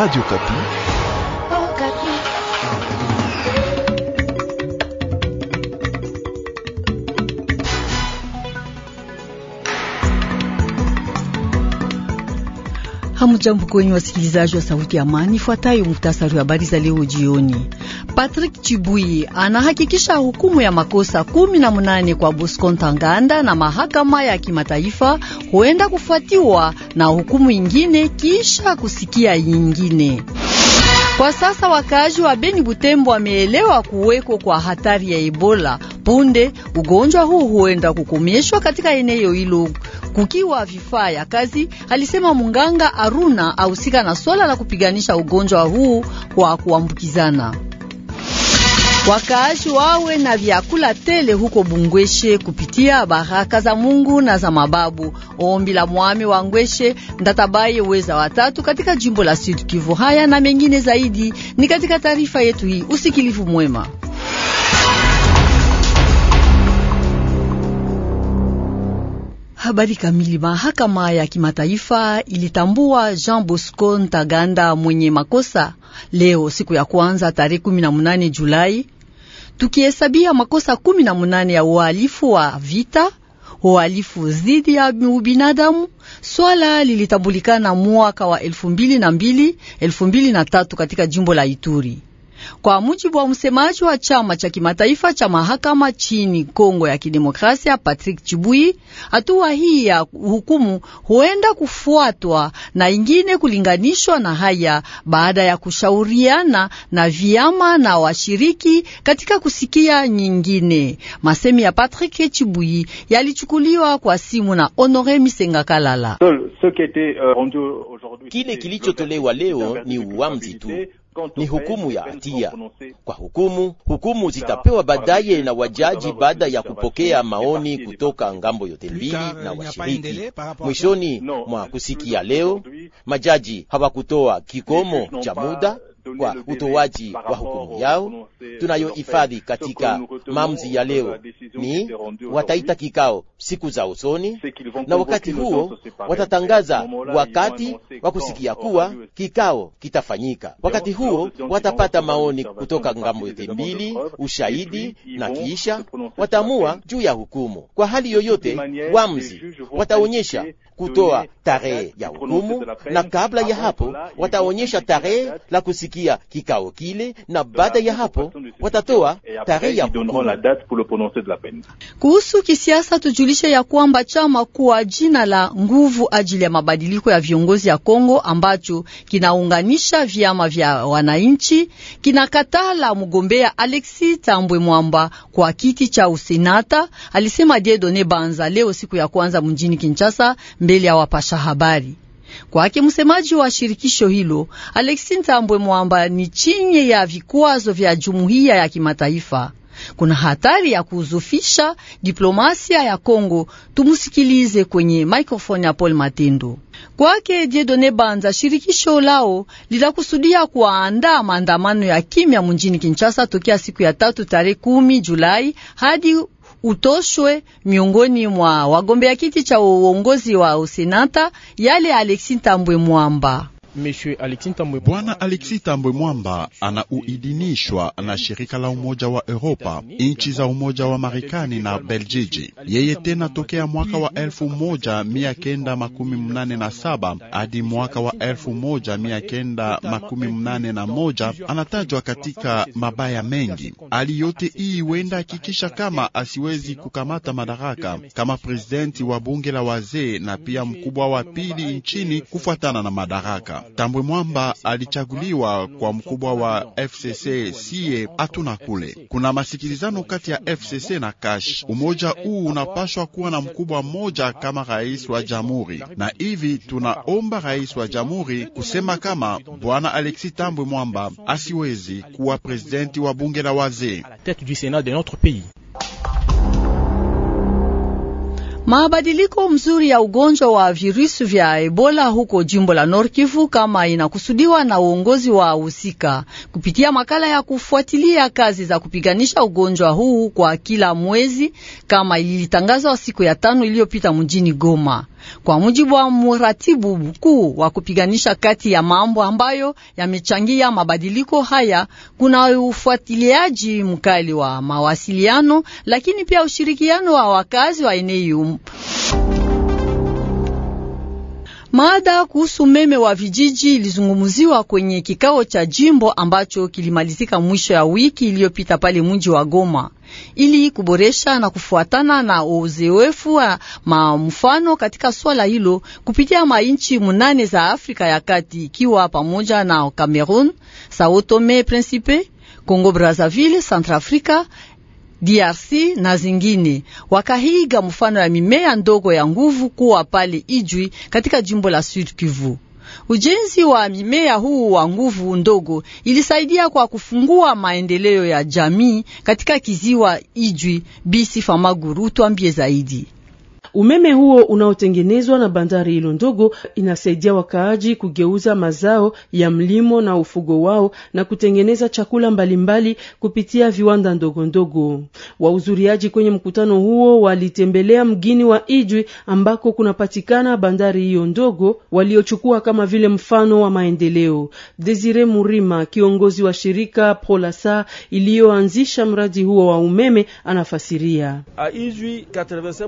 Radio Okapi. Hamujambo kwenye wasikilizaji wa Sauti ya Amani. ifuatayo muhtasari wa habari za leo jioni. Patrick Chibui anahakikisha hukumu ya makosa kumi na munane kwa Bosco Ntaganda na mahakama ya kimataifa huenda kufuatiwa na hukumu ingine kisha kusikia yingine. Kwa sasa wakaaji wa Beni Butembo wameelewa kuweko kwa hatari ya Ebola Punde ugonjwa huu huenda kukomeshwa katika eneo hilo kukiwa vifaa ya kazi, alisema munganga Aruna ahusika na swala la kupiganisha ugonjwa huu kwa kuambukizana. Wakaaji wawe na vyakula tele huko Bungweshe kupitia baraka za Mungu na za mababu. Ombi la mwami wa Ngweshe Ndatabaye Weza watatu katika jimbo la Sud Kivu. Haya na mengine zaidi ni katika taarifa yetu hii. Usikilivu mwema. Habari kamili. Mahakama ya kimataifa ilitambua Jean Bosco Ntaganda mwenye makosa leo siku ya kwanza tarehe 18 Julai, tukihesabia makosa 18 ya uhalifu wa vita, uhalifu dhidi ya ubinadamu. Swala lilitambulikana mwaka wa 2002 2003 katika jimbo la Ituri. Kwa mujibu wa msemaji wa chama cha kimataifa cha mahakama chini Kongo ya Kidemokrasia, Patrick Chibui, hatua hii ya hukumu huenda kufuatwa na ingine kulinganishwa na haya baada ya kushauriana na vyama na washiriki katika kusikia nyingine. Masemi ya Patrick Chibui yalichukuliwa kwa simu na Honore Misenga Kalala. Euh, Kile kilichotolewa leo ni uamuzi tu ni hukumu ya hatia. Kwa hukumu, hukumu zitapewa baadaye na wajaji baada ya kupokea maoni kutoka ngambo yote mbili na euh, washiriki. Mwishoni mwa kusikia leo, majaji hawakutoa kikomo cha muda kwa utoaji wa hukumu yao tunayohifadhi katika maamuzi ya leo. Ni wataita kikao siku za usoni, na wakati huo watatangaza wakati wa kusikia kuwa kikao kitafanyika. Wakati huo watapata maoni kutoka ngambo yote mbili, ushahidi, na kisha wataamua juu ya hukumu. Kwa hali yoyote, wamzi wataonyesha kutoa tarehe ya hukumu, na kabla ya hapo wataonyesha tarehe la kusikia kufikia kikao kile, na baada ya hapo watatoa tarehe ya kuhusu kisiasa. Tujulishe ya kwamba chama kuwa jina la Nguvu ajili ya mabadiliko ya viongozi ya Kongo ambacho kinaunganisha vyama vya wananchi kinakatala mgombea Alexis Tambwe Mwamba kwa kiti cha usenata, alisema Diedone Banza leo siku ya kwanza mjini Kinshasa mbele ya wapasha habari. Kwake msemaji wa shirikisho hilo Alexi Ntambwe Mwamba, ni chinye ya vikwazo vya jumuiya ya kimataifa, kuna hatari ya kuzufisha diplomasia ya Kongo. Tumusikilize kwenye maikrofoni ya Paul Matendo. Kwake Diedone Banza, shirikisho lao litakusudia kuandaa maandamano ya kimya munjini Kinshasa tokea siku ya tatu tarehe kumi Julai hadi utoshwe miongoni mwa wagombea kiti cha uongozi wa usenata yale Alexis Tambwe Mwamba. Bwana Alexi Tambwe Mwamba anauidinishwa na shirika la Umoja wa Europa, nchi za Umoja wa Marekani na Beljiji. Yeye tena tokea mwaka wa elfu moja mia kenda makumi mnane na saba hadi mwaka wa elfu moja mia kenda makumi mnane na moja anatajwa katika mabaya mengi. Hali yote hii huenda hakikisha kama asiwezi kukamata madaraka kama prezidenti wa bunge la wazee na pia mkubwa wa pili nchini kufuatana na madaraka. Tambwe Mwamba alichaguliwa kwa mkubwa wa FCC, siye hatuna kule. Kuna masikilizano kati ya FCC na Kash. Umoja huu unapashwa kuwa na mkubwa mmoja kama rais wa jamhuri, na hivi tunaomba rais wa jamhuri kusema kama bwana Alexis Tambwe Mwamba asiwezi kuwa presidenti wa bunge la wazee. Mabadiliko mzuri ya ugonjwa wa virusi vya Ebola huko jimbo la North Kivu kama inakusudiwa na uongozi wa husika kupitia makala ya kufuatilia kazi za kupiganisha ugonjwa huu kwa kila mwezi kama ilitangazwa siku ya tano iliyopita mjini Goma. Kwa mujibu wa muratibu mkuu wa kupiganisha kati ya mambo ambayo yamechangia mabadiliko haya, kuna ufuatiliaji mkali wa mawasiliano, lakini pia ushirikiano wa wakazi wa eneo Mada kuhusu umeme wa vijiji ilizungumziwa kwenye kikao cha jimbo ambacho kilimalizika mwisho ya wiki iliyopita pale mji wa Goma ili kuboresha na kufuatana na uzoefu wa mfano katika swala hilo kupitia mainchi munane za Afrika ya Kati ikiwa pamoja na Cameroon, Sao Tome Principe, congo Brazzaville, Centrafrica, DRC na zingine, wakahiga mfano ya mimea ndogo ya nguvu kuwa pale Ijwi katika jimbo la Sud Kivu. Ujenzi wa mimea huu wa nguvu ndogo ilisaidia kwa kufungua maendeleo ya jamii katika kiziwa Ijwi. Bisi Famaguru, tuambie zaidi. Umeme huo unaotengenezwa na bandari hilo ndogo inasaidia wakaaji kugeuza mazao ya mlimo na ufugo wao na kutengeneza chakula mbalimbali mbali kupitia viwanda ndogo ndogo. Wahudhuriaji kwenye mkutano huo walitembelea mgini wa Ijwi ambako kunapatikana bandari hiyo ndogo, waliochukua kama vile mfano wa maendeleo. Desire Murima, kiongozi wa shirika Polasa iliyoanzisha mradi huo wa umeme, anafasiria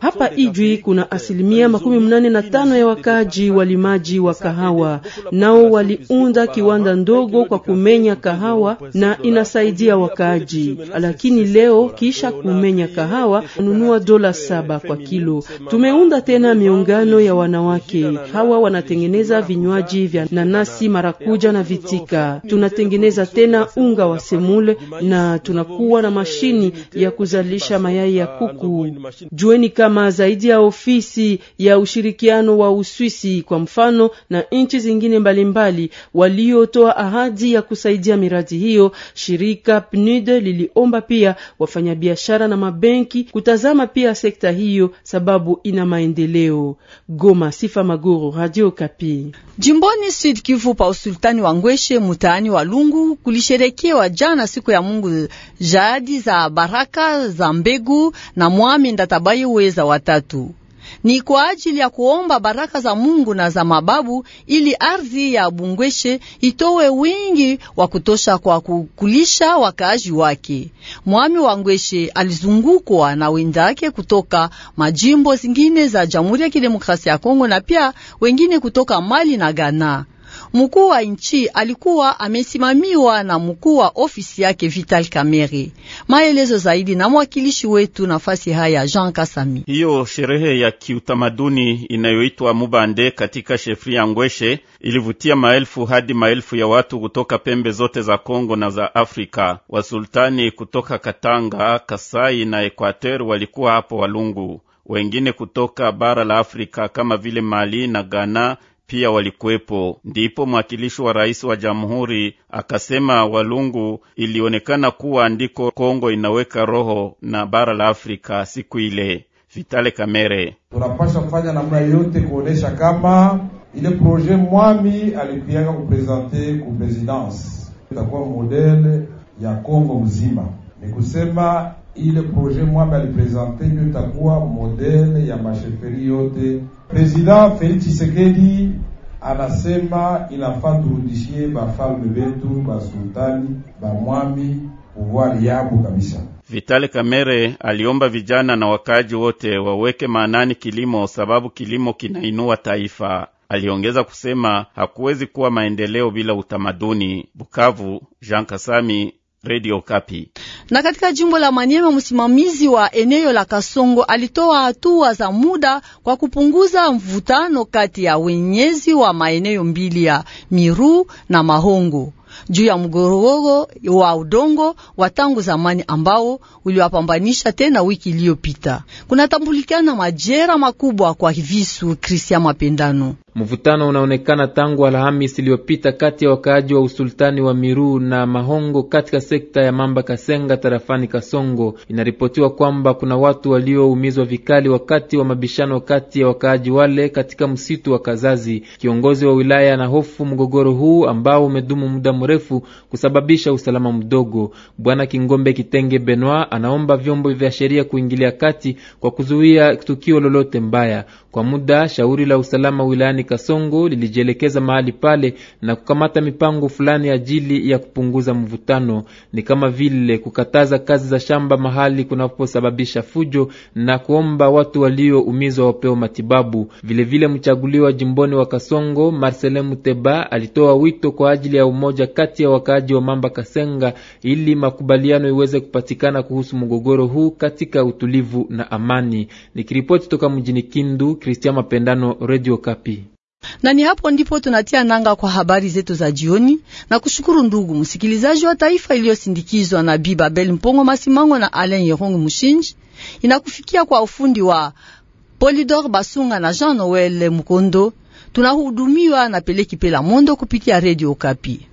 hapa Ijwi hivi kuna asilimia makumi mnane na tano ya wakaaji walimaji wa kahawa, nao waliunda kiwanda ndogo kwa kumenya kahawa na inasaidia wakaaji. Lakini leo kisha kumenya kahawa nunua dola saba kwa kilo. Tumeunda tena miungano ya wanawake hawa, wanatengeneza vinywaji vya nanasi, marakuja na vitika. Tunatengeneza tena unga wa semule na tunakuwa na mashini ya kuzalisha mayai ya kuku. Jueni kama zaidi ya kupitia ofisi ya ushirikiano wa Uswisi kwa mfano na nchi zingine mbalimbali waliotoa ahadi ya kusaidia miradi hiyo. Shirika PNUD liliomba pia wafanyabiashara na mabenki kutazama pia sekta hiyo sababu ina maendeleo. Goma, Sifa Maguru, Radio Kapi. Jimboni Sud Kivu pa usultani wa Ngweshe mutaani wa Lungu kulisherekewa jana siku ya Mungu jahadi za baraka za mbegu na mwami Ndatabaye weza watatu ni kwa ajili ya kuomba baraka za Mungu na za mababu, ili ardhi ya Bungweshe itowe wingi wa kutosha kwa kukulisha wakaaji wake. Mwami wa Ngweshe alizungukwa na wendake kutoka majimbo zingine za Jamhuri ya Kidemokrasia ya Kongo na pia wengine kutoka Mali na Ghana mkuu wa nchi alikuwa amesimamiwa na mkuu wa ofisi yake Vital Kamerhe. Maelezo zaidi na mwakilishi wetu nafasi haya Jean Kasami. Hiyo sherehe ya kiutamaduni inayoitwa Mubande katika shefri ya Ngweshe ilivutia maelfu hadi maelfu ya watu kutoka pembe zote za Kongo na za Afrika. Wasultani kutoka Katanga, Kasai na Ekwater walikuwa hapo Walungu wengine kutoka bara la Afrika kama vile Mali na Ghana pia walikuwepo. Ndipo mwakilishi wa rais wa jamhuri akasema Walungu ilionekana kuwa ndiko Kongo inaweka roho na bara la Afrika siku ile. Vitale Kamere: tunapasha kufanya namna yote kuonesha kama ile proje mwami alipiaka kuprezente ku presidence itakuwa modele ya Kongo mzima, ni kusema ile proje mwami aliprezente ndio itakuwa modele ya masheferi yote. President Felix Tshisekedi anasema inafaa turudishie bafalme betu basultani bamwami pouvoir yabu kabisa. Vitali Kamere aliomba vijana na wakaaji wote waweke maanani kilimo, sababu kilimo kinainua taifa. Aliongeza kusema hakuwezi kuwa maendeleo bila utamaduni. Bukavu, Jean Kasami, Radio Kapi. Na katika jimbo la Maniema, msimamizi wa eneo la Kasongo alitoa hatua za muda kwa kupunguza mvutano kati ya wenyezi wa maeneo mbili ya Miru na Mahongo juu ya mgorogoro wa udongo wa tangu zamani ambao uliwapambanisha tena wiki iliyopita. Kunatambulikana majera makubwa kwa visu kristia Mapendano. Mvutano unaonekana tangu Alhamis iliyopita kati ya wakaaji wa usultani wa Miru na Mahongo katika sekta ya Mamba Kasenga tarafani Kasongo. Inaripotiwa kwamba kuna watu walioumizwa vikali wakati wa mabishano kati ya wakaaji wale katika msitu wa Kazazi. Kiongozi wa wilaya anahofu mgogoro huu ambao umedumu muda mrefu kusababisha usalama mdogo. Bwana Kingombe Kitenge Benoit anaomba vyombo vya sheria kuingilia kati kwa kuzuia tukio lolote mbaya. Kwa muda shauri la usalama wilayani Kasongo lilijielekeza mahali pale na kukamata mipango fulani ajili ya kupunguza mvutano, ni kama vile kukataza kazi za shamba mahali kunaposababisha fujo na kuomba watu walioumizwa wapewa matibabu. Vilevile mchaguliwa jimboni wa Kasongo Marcelin Muteba alitoa wito kwa ajili ya umoja kati ya wakaaji wa Mamba Kasenga ili makubaliano iweze kupatikana kuhusu mgogoro huu katika utulivu na amani. Nikiripoti toka mjini Kindu, Christian Mapendano, Radio Kapi. Na ni hapo ndipo tunatia nanga kwa habari zetu za jioni, na kushukuru ndugu msikilizaji wa taifa iliyosindikizwa na Bi Babel Mpongo Masimango na Alain Yerong Mushinji, inakufikia kwa ufundi wa Polidor Basunga na Jean Noel Mukondo. Tunahudumiwa na Peleki Pela Mondo kupitia Radio Kapi.